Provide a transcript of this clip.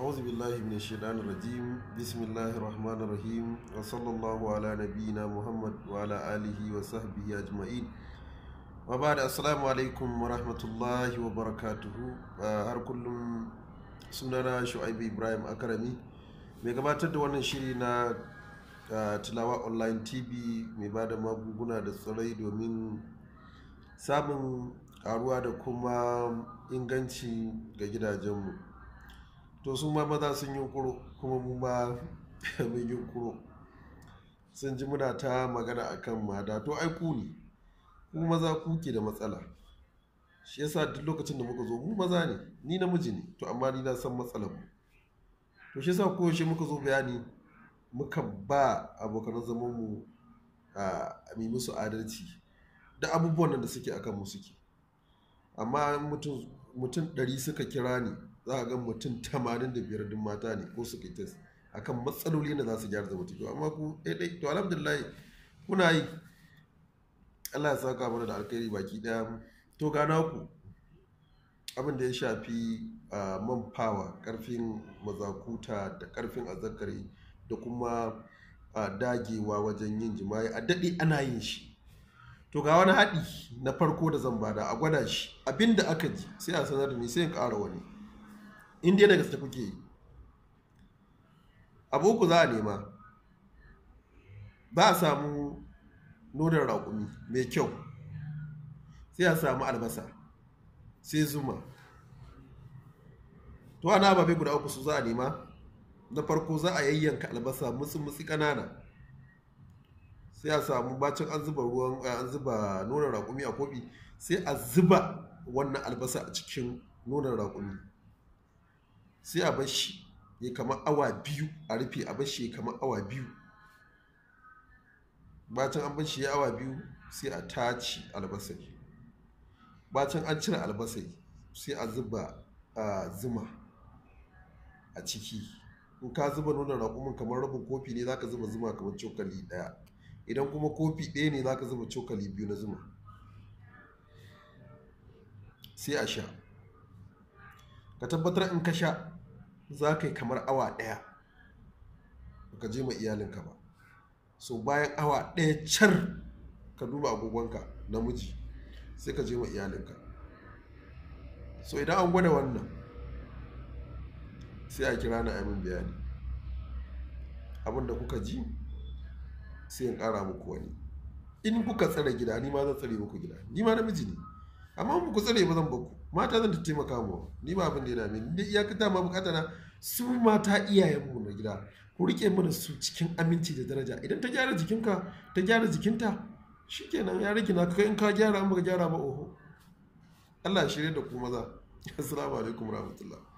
أعوذ بالله من الشيطان الرجيم بسم الله الرحمن الرحيم وصلى الله على نبينا محمد وعلى آله وصحبه أجمعين وبعد السلام عليكم ورحمة الله وبركاته har kullum sunana shu'aibu ibrahim akarami mai gabatar da wannan shiri na ah, tilawa online tv mai ba da magunguna da tsirai domin samun karuwa da kuma inganci ga gidajenmu to su ma maza sun yi kuro kuma mu ma mun yi kuro sun ji muna ta magana akan mada to ai ku ne ku maza ku ke da matsala shi yasa duk lokacin da muka zo mu maza ne ni namiji ne to amma ni na san matsalar mu to shi yasa koyaushe muka zo bayani muka ba abokan zaman mu a mai musu adalci da abubuwan da suke akan mu suke amma mutum ɗari suka kira ni za a ga mutum tamanin da biyar din mata ne ko su kitas akan matsaloli da za su gyara zamantakewa amma ku ɗaiɗai eh, to alhamdulillahi kuna yi Allah ya saka mana da alkhairi baki ɗaya to gana ku abin da ya shafi man fawa ƙarfin mazakuta da ƙarfin azzakari da kuma dagewa wajen yin jima'i a daɗe ana yin shi to ga wani haɗi na farko da zan bada a gwada shi abinda aka ji sai a sanar da ni sai in ƙara wani Indiya daga da gaske kuke yi abuku za a nema Ba a samu nonon raƙumi mai kyau sai a samu albasa sai zuma to ana babe guda uku su za a nema na farko za a yayyanka albasa musu-musu ƙanana sai a samu bacin an zuba ruwan eh, an zuba nonon raƙumi a kofi sai a zuba wannan albasa a cikin nonon raƙumi sai a bashi ya kama awa biyu a rufe a bashi ya kama awa biyu bacin an bashi ya awa biyu sai a tace albasai bacin an cire albasai sai a zuba a zuma a ciki in ka zuba nuna raƙumin kamar rabin kofi ne zaka zuba zuma kamar cokali ɗaya idan kuma kofi ɗaya ne zaka zuba cokali biyu na zuma sai a sha ka tabbatar in ka sha za ka yi kamar awa ɗaya ka je ma iyalinka ba so bayan awa ɗaya car ka duba agogonka namiji sai ka je ma iyalinka so idan an gwada wannan sai a kira na amin bayani abinda kuka ji sai in ƙara muku wani in kuka tsare gida ni ma zan tsare muku gida ni ma namiji ne amma mu ku tsare ba zan baku mata zan ta taimaka mu ni ba abin da ya dame ni dai iyaka ma bukata na su mata iyayen mu na gida ku rike mana su cikin aminci da daraja idan ta gyara jikinka ta gyara jikinta shikenan ya rike na kai in ka gyara an baka gyara ba oho Allah ya shirye da ku maza assalamu alaikum rahmatullah